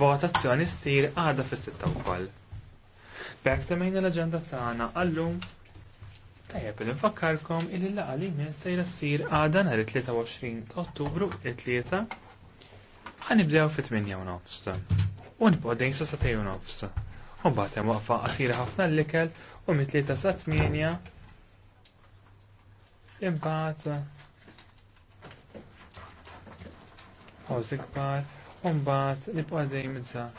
votazzjoni ssir għada fis-sitta wkoll. Bekk temmejna l-aġenda tagħna għallum tajjeb li nfakkarkom il laqa li jmiss sejra ssir għada nhar it-23 ta' Ottubru it-tlieta nibdew fit-8 u nofs. U nibqgħu sa sa tejn nofs. U mbagħad hemm waqfa qasira ħafna l-ikel u mit-tlieta sa 8 imbagħad Għaw zikbar u li nibqa' dejjem